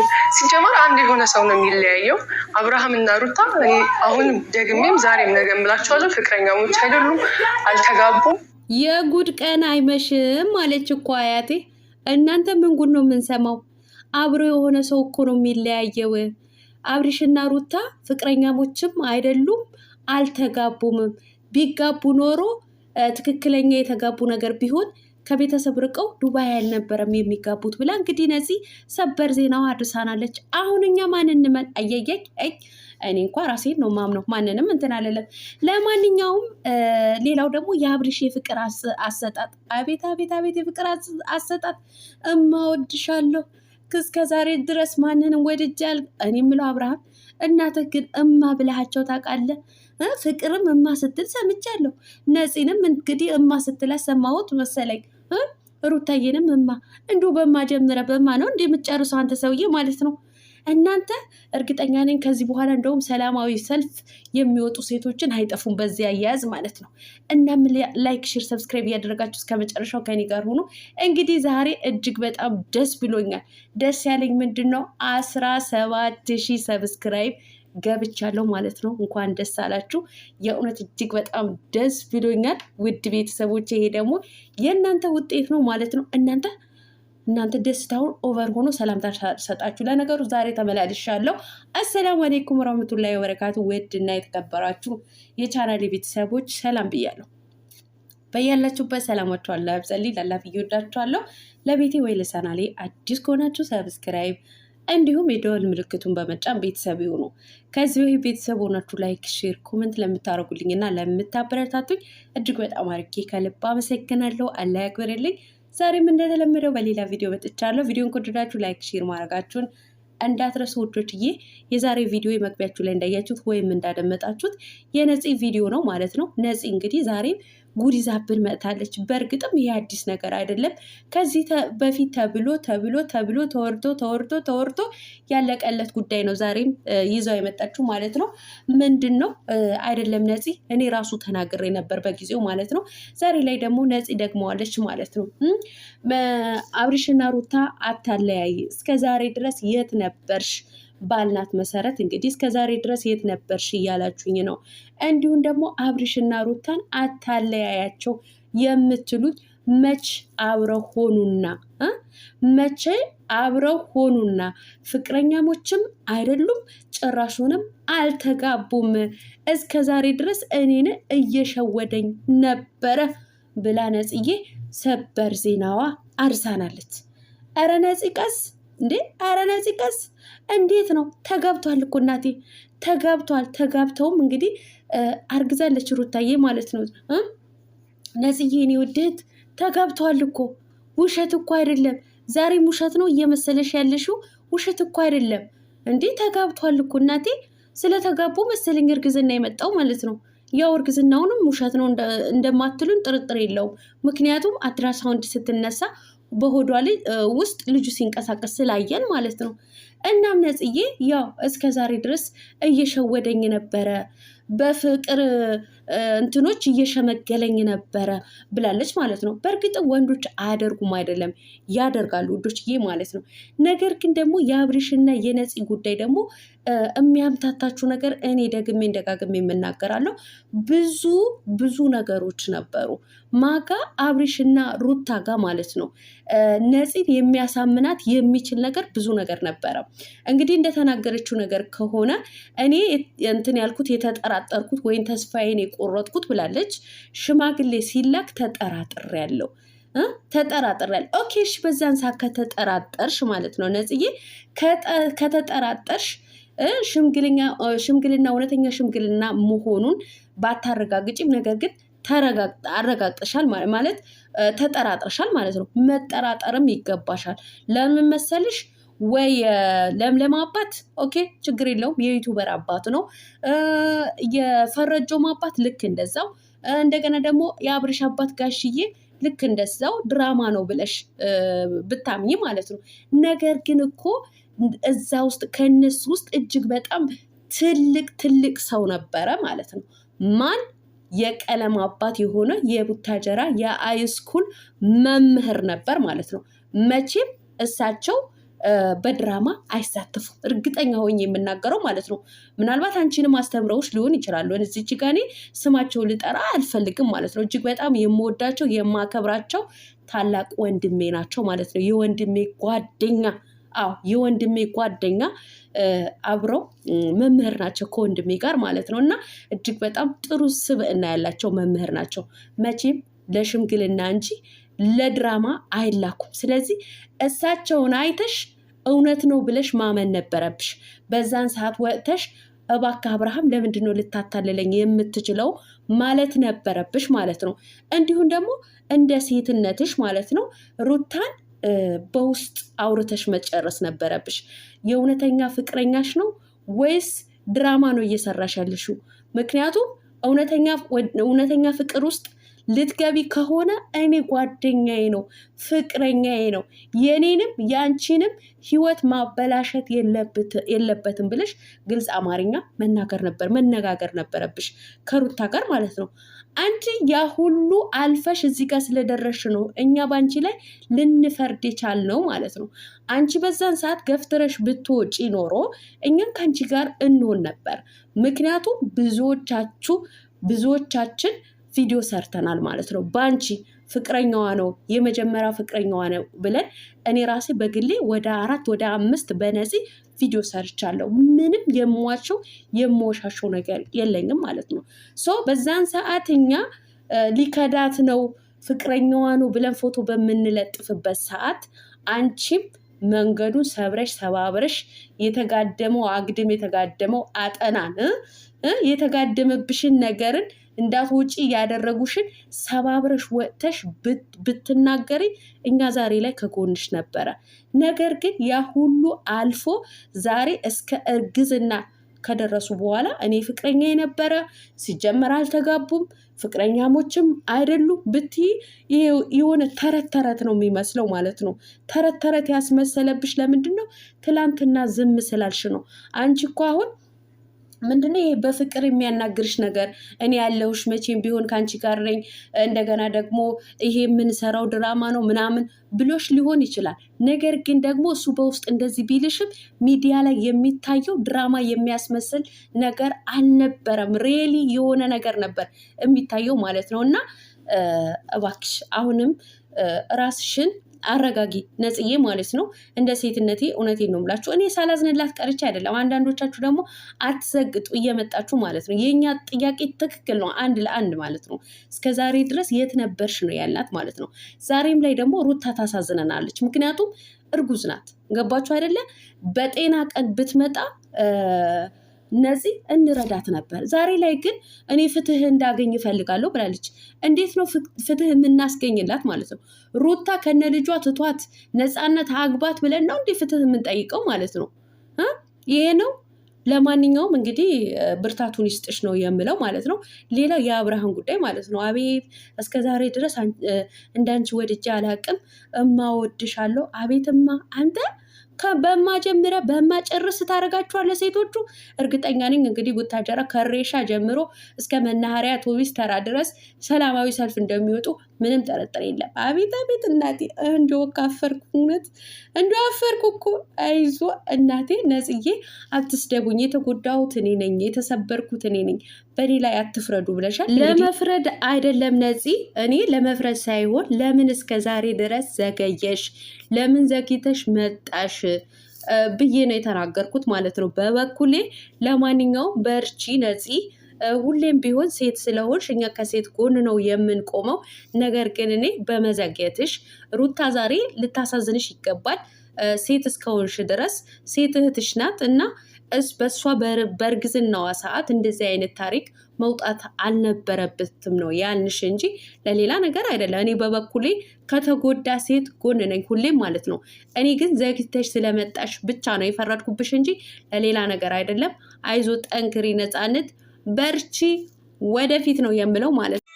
ናቸው። ሲጀመር አንድ የሆነ ሰው ነው የሚለያየው። አብርሃም እና ሩታ አሁን ደግሜም ዛሬም ነገ እምላቸዋለሁ ፍቅረኛሞች አይደሉም፣ አልተጋቡም። የጉድ ቀን አይመሽም አለች እኮ አያቴ። እናንተ ምን ጉድ ነው የምንሰማው? አብሮ የሆነ ሰው እኮ ነው የሚለያየው። አብሪሽና ሩታ ፍቅረኛሞችም አይደሉም፣ አልተጋቡምም። ቢጋቡ ኖሮ ትክክለኛ የተጋቡ ነገር ቢሆን ከቤተሰብ ርቀው ዱባይ አልነበረም የሚጋቡት ብላ እንግዲህ ነዚህ ሰበር ዜናው አድርሳናለች። አሁን እኛ ማን እንመን? አየየይ እኔ እንኳ ራሴን ነው ማምነው፣ ማንንም እንትን አለለም። ለማንኛውም ሌላው ደግሞ የአብርሽ የፍቅር አሰጣጥ፣ አቤት አቤት አቤት! የፍቅር አሰጣጥ እማወድሻለሁ እስከ ዛሬ ድረስ ማንንም ወድጃል። እኔ የምለው አብርሃም እናተ ግን እማ ብለሃቸው ታውቃለህ? ፍቅርም እማ ስትል ሰምቻለሁ። ነፂንም እንግዲህ እማ ስትል ሰማሁት መሰለኝ። ሩታዬንም እማ እንዶ በማ ጀምረ በማ ነው እንደ የምትጨርሰው አንተ ሰውዬ ማለት ነው። እናንተ እርግጠኛ ነኝ ከዚህ በኋላ እንደውም ሰላማዊ ሰልፍ የሚወጡ ሴቶችን አይጠፉም በዚህ አያያዝ ማለት ነው። እናም ላይክ፣ ሼር፣ ሰብስክራይብ እያደረጋችሁ እስከ መጨረሻው ከኔ ጋር ሆኖ እንግዲህ ዛሬ እጅግ በጣም ደስ ብሎኛል። ደስ ያለኝ ምንድን ነው አስራ ሰባት ሺህ ሰብስክራይብ ገብቻለሁ ማለት ነው። እንኳን ደስ አላችሁ። የእውነት እጅግ በጣም ደስ ብሎኛል ውድ ቤተሰቦች። ይሄ ደግሞ የእናንተ ውጤት ነው ማለት ነው። እናንተ እናንተ ደስታውን ኦቨር ሆኖ ሰላምታ ሰጣችሁ። ለነገሩ ዛሬ ተመላልሻለሁ። አሰላሙ አሌይኩም ረመቱላ ወበረካቱ። ውድና የተከበራችሁ የቻናሌ ቤተሰቦች ሰላም ብያለሁ። በያላችሁበት ሰላማችሁ አላ ያብዛልኝ። ላላፍ እየወዳችኋለሁ። ለቤቴ ወይ ለቻናሌ አዲስ ከሆናችሁ ሰብስክራይብ እንዲሁም የደወል ምልክቱን በመጫን ቤተሰብ ይሁኑ። ከዚህ በፊት ቤተሰብ ሆናችሁ ላይክ፣ ሼር፣ ኮመንት ለምታደርጉልኝ እና ለምታበረታቱኝ እጅግ በጣም አርጌ ከልብ አመሰግናለሁ። አላህ ያክብርልኝ። ዛሬም እንደተለመደው በሌላ ቪዲዮ መጥቻለሁ። ቪዲዮን ከወደዳችሁ ላይክ፣ ሼር ማድረጋችሁን እንዳትረሱ ውዶችዬ። የዛሬ ቪዲዮ መግቢያችሁ ላይ እንዳያችሁት ወይም እንዳደመጣችሁት የነፂ ቪዲዮ ነው ማለት ነው። ነፂ እንግዲህ ዛሬም ጉድ ይዛብን መጥታለች። በእርግጥም ይሄ አዲስ ነገር አይደለም። ከዚህ በፊት ተብሎ ተብሎ ተብሎ ተወርቶ ተወርቶ ተወርቶ ያለቀለት ጉዳይ ነው። ዛሬም ይዘው የመጣችው ማለት ነው። ምንድን ነው አይደለም ነፂ፣ እኔ ራሱ ተናግሬ ነበር በጊዜው ማለት ነው። ዛሬ ላይ ደግሞ ነፂ ደግመዋለች ማለት ነው። አብሪሽና ሩታ አታለያይ፣ እስከ ዛሬ ድረስ የት ነበርሽ? ባልናት መሰረት እንግዲህ ዛሬ ድረስ የት ነበርሽ እያላችሁኝ ነው። እንዲሁም ደግሞ አብርሽና ሩታን አታለያያቸው የምትሉት መች አብረው ሆኑና መቼ አብረው ሆኑና ፍቅረኛሞችም አይደሉም፣ ጭራሹንም አልተጋቡም። እስከ ዛሬ ድረስ እኔን እየሸወደኝ ነበረ ብላ ነጽዬ ሰበር ዜናዋ አርሳናለች። እረ ነጽ ቀስ እንዴ አረ ነፂ ቀስ እንዴት ነው ተጋብቷል እኮ እናቴ ተጋብቷል ተጋብተውም እንግዲህ አርግዛለች ሩታዬ ማለት ነው ነፂዬ የኔ ውድህት ተጋብተዋል እኮ ውሸት እኮ አይደለም ዛሬም ውሸት ነው እየመሰለሽ ያለሽው ውሸት እኮ አይደለም እንዴ ተጋብቷል እኮ እናቴ ስለተጋቡ መሰለኝ እርግዝና የመጣው ማለት ነው ያው እርግዝናውንም ውሸት ነው እንደማትሉን ጥርጥር የለውም ምክንያቱም አድራሳውንድ ስትነሳ በሆዷ ውስጥ ልጁ ሲንቀሳቀስ ስላየን ማለት ነው። እናም ነጽዬ ያው እስከ ዛሬ ድረስ እየሸወደኝ ነበረ፣ በፍቅር እንትኖች እየሸመገለኝ ነበረ ብላለች ማለት ነው። በእርግጥ ወንዶች አያደርጉም አይደለም ያደርጋሉ፣ ውዶችዬ ማለት ነው። ነገር ግን ደግሞ የአብሪሽና የነፂ ጉዳይ ደግሞ የሚያምታታችሁ ነገር እኔ ደግሜ ደጋግሜ የምናገራለሁ። ብዙ ብዙ ነገሮች ነበሩ ማጋ አብሪሽና ሩታ ጋ ማለት ነው። ነፂን የሚያሳምናት የሚችል ነገር ብዙ ነገር ነበረ። እንግዲህ እንደተናገረችው ነገር ከሆነ እኔ እንትን ያልኩት የተጠራጠርኩት ወይም ተስፋዬን የቆረጥኩት ብላለች። ሽማግሌ ሲላክ ተጠራጥር ያለው ተጠራጥሬያል። ኦኬ እሺ፣ በዛን ሰዓት ከተጠራጠርሽ ማለት ነው ነፂዬ ከተጠራጠርሽ ሽምግልና እውነተኛ ሽምግልና መሆኑን ባታረጋግጭም ነገር ግን አረጋግጠሻል ማለት ተጠራጥረሻል ማለት ነው። መጠራጠርም ይገባሻል። ለምን መሰልሽ? ወይ ለምለም አባት ኦኬ፣ ችግር የለውም የዩቱበር አባት ነው። የፈረጆም አባት ልክ እንደዛው። እንደገና ደግሞ የአብርሽ አባት ጋሽዬ ልክ እንደዛው ድራማ ነው ብለሽ ብታምኝ ማለት ነው። ነገር ግን እኮ እዛ ውስጥ ከእነሱ ውስጥ እጅግ በጣም ትልቅ ትልቅ ሰው ነበረ ማለት ነው። ማን የቀለም አባት የሆነ የቡታጀራ የአይስኩል መምህር ነበር ማለት ነው። መቼም እሳቸው በድራማ አይሳተፉ እርግጠኛ ሆኜ የምናገረው ማለት ነው። ምናልባት አንቺንም አስተምረውች ሊሆን ይችላሉ። እዚህ ጋ እኔ ስማቸው ልጠራ አልፈልግም ማለት ነው። እጅግ በጣም የምወዳቸው የማከብራቸው ታላቅ ወንድሜ ናቸው ማለት ነው። የወንድሜ ጓደኛ አዎ የወንድሜ ጓደኛ አብረው መምህር ናቸው ከወንድሜ ጋር ማለት ነው። እና እጅግ በጣም ጥሩ ስብዕና ያላቸው መምህር ናቸው። መቼም ለሽምግልና እንጂ ለድራማ አይላኩም። ስለዚህ እሳቸውን አይተሽ እውነት ነው ብለሽ ማመን ነበረብሽ። በዛን ሰዓት ወጥተሽ እባክህ አብርሃም ለምንድን ነው ልታታለለኝ የምትችለው ማለት ነበረብሽ ማለት ነው። እንዲሁም ደግሞ እንደ ሴትነትሽ ማለት ነው ሩታን በውስጥ አውርተሽ መጨረስ ነበረብሽ። የእውነተኛ ፍቅረኛሽ ነው ወይስ ድራማ ነው እየሰራሽ ያለሽው? ምክንያቱም እውነተኛ ፍቅር ውስጥ ልትገቢ ከሆነ እኔ ጓደኛዬ ነው፣ ፍቅረኛዬ ነው። የኔንም የአንቺንም ህይወት ማበላሸት የለበትም ብለሽ ግልጽ አማርኛ መናገር ነበር መነጋገር ነበረብሽ ከሩታ ጋር ማለት ነው። አንቺ ያ ሁሉ አልፈሽ እዚህ ጋር ስለደረሽ ነው እኛ በአንቺ ላይ ልንፈርድ የቻልነው ማለት ነው። አንቺ በዛን ሰዓት ገፍትረሽ ብትወጪ ኖሮ እኛም ከአንቺ ጋር እንሆን ነበር። ምክንያቱም ብዙዎቻችሁ ብዙዎቻችን ቪዲዮ ሰርተናል ማለት ነው። በአንቺ ፍቅረኛዋ ነው የመጀመሪያ ፍቅረኛዋ ነው ብለን እኔ ራሴ በግሌ ወደ አራት ወደ አምስት በነዚህ ቪዲዮ ሰርቻለሁ። ምንም የምዋቸው የምወሻሸው ነገር የለኝም ማለት ነው። ሶ በዛን ሰዓት እኛ ሊከዳት ነው ፍቅረኛዋ ነው ብለን ፎቶ በምንለጥፍበት ሰዓት አንቺም መንገዱን ሰብረሽ ሰባብረሽ የተጋደመው አግድም የተጋደመው አጠናን የተጋደመብሽን ነገርን እንዳትወጪ ያደረጉሽን ሰባብረሽ ወጥተሽ ብትናገሪ እኛ ዛሬ ላይ ከጎንሽ ነበረ። ነገር ግን ያ ሁሉ አልፎ ዛሬ እስከ እርግዝና ከደረሱ በኋላ እኔ ፍቅረኛ የነበረ ሲጀመር አልተጋቡም ፍቅረኛሞችም አይደሉም ብትይ የሆነ ተረት ተረት ነው የሚመስለው ማለት ነው። ተረት ተረት ያስመሰለብሽ ለምንድን ነው? ትላንትና ዝም ስላልሽ ነው። አንቺ እኮ አሁን ምንድነው ይሄ በፍቅር የሚያናግርሽ ነገር? እኔ ያለሁሽ መቼም ቢሆን ከአንቺ ጋር ነኝ። እንደገና ደግሞ ይሄ የምንሰራው ድራማ ነው ምናምን ብሎሽ ሊሆን ይችላል። ነገር ግን ደግሞ እሱ በውስጥ እንደዚህ ቢልሽም ሚዲያ ላይ የሚታየው ድራማ የሚያስመስል ነገር አልነበረም። ሬሊ የሆነ ነገር ነበር የሚታየው ማለት ነው። እና እባክሽ አሁንም ራስሽን አረጋጊ ነጽዬ ማለት ነው። እንደ ሴትነቴ እውነቴን ነው የምላችሁ። እኔ ሳላዝንላት ቀርቼ አይደለም። አንዳንዶቻችሁ ደግሞ አትዘግጡ እየመጣችሁ ማለት ነው። የእኛ ጥያቄ ትክክል ነው፣ አንድ ለአንድ ማለት ነው። እስከ ዛሬ ድረስ የት ነበርሽ ነው ያልናት ማለት ነው። ዛሬም ላይ ደግሞ ሩታ ታሳዝነናለች። ምክንያቱም እርጉዝ ናት። ገባችሁ አይደለ? በጤና ቀን ብትመጣ እነዚህ እንረዳት ነበር። ዛሬ ላይ ግን እኔ ፍትህ እንዳገኝ እፈልጋለሁ ብላለች። እንዴት ነው ፍትህ የምናስገኝላት ማለት ነው? ሩታ ከነ ልጇ ትቷት ነፃነት አግባት ብለን ነው እንዴ ፍትህ የምንጠይቀው ማለት ነው? ይሄ ነው። ለማንኛውም እንግዲህ ብርታቱን ይስጥሽ ነው የምለው ማለት ነው። ሌላው የአብርሃም ጉዳይ ማለት ነው። አቤት እስከ ዛሬ ድረስ እንዳንቺ ወድጄ አላቅም፣ እማ አቤትማ አንተ በማጀምረ በማጨርስ ታደርጋችኋለ ሴቶቹ። እርግጠኛ ነኝ እንግዲህ ቡታጀራ ከሬሻ ጀምሮ እስከ መናኸሪያ ቶቢስ ተራ ድረስ ሰላማዊ ሰልፍ እንደሚወጡ ምንም ጥርጥር የለም። አቤት አቤት እናቴ እንዲያው ካፈርኩ እውነት እንዲያው አፈርኩ እኮ። አይዞ እናቴ ነጽዬ፣ አትስደቡኝ። የተጎዳሁት እኔ ነኝ፣ የተሰበርኩት እኔ ነኝ። በእኔ ላይ አትፍረዱ ብለሻል። ለመፍረድ አይደለም ነፂ፣ እኔ ለመፍረድ ሳይሆን ለምን እስከ ዛሬ ድረስ ዘገየሽ፣ ለምን ዘግይተሽ መጣሽ ብዬ ነው የተናገርኩት ማለት ነው በበኩሌ። ለማንኛውም በርቺ ነፂ ሁሌም ቢሆን ሴት ስለሆንሽ እኛ ከሴት ጎን ነው የምንቆመው። ነገር ግን እኔ በመዘግየትሽ ሩታ ዛሬ ልታሳዝንሽ ይገባል። ሴት እስከሆንሽ ድረስ ሴት እህትሽ ናት እና እስ በእሷ በእርግዝናዋ ሰዓት እንደዚህ አይነት ታሪክ መውጣት አልነበረበትም ነው ያልንሽ እንጂ ለሌላ ነገር አይደለም። እኔ በበኩሌ ከተጎዳ ሴት ጎን ነኝ ሁሌም ማለት ነው። እኔ ግን ዘግተሽ ስለመጣሽ ብቻ ነው የፈረድኩብሽ እንጂ ለሌላ ነገር አይደለም። አይዞ፣ ጠንክሪ፣ ነፃነት፣ በርቺ፣ ወደፊት ነው የምለው ማለት ነው።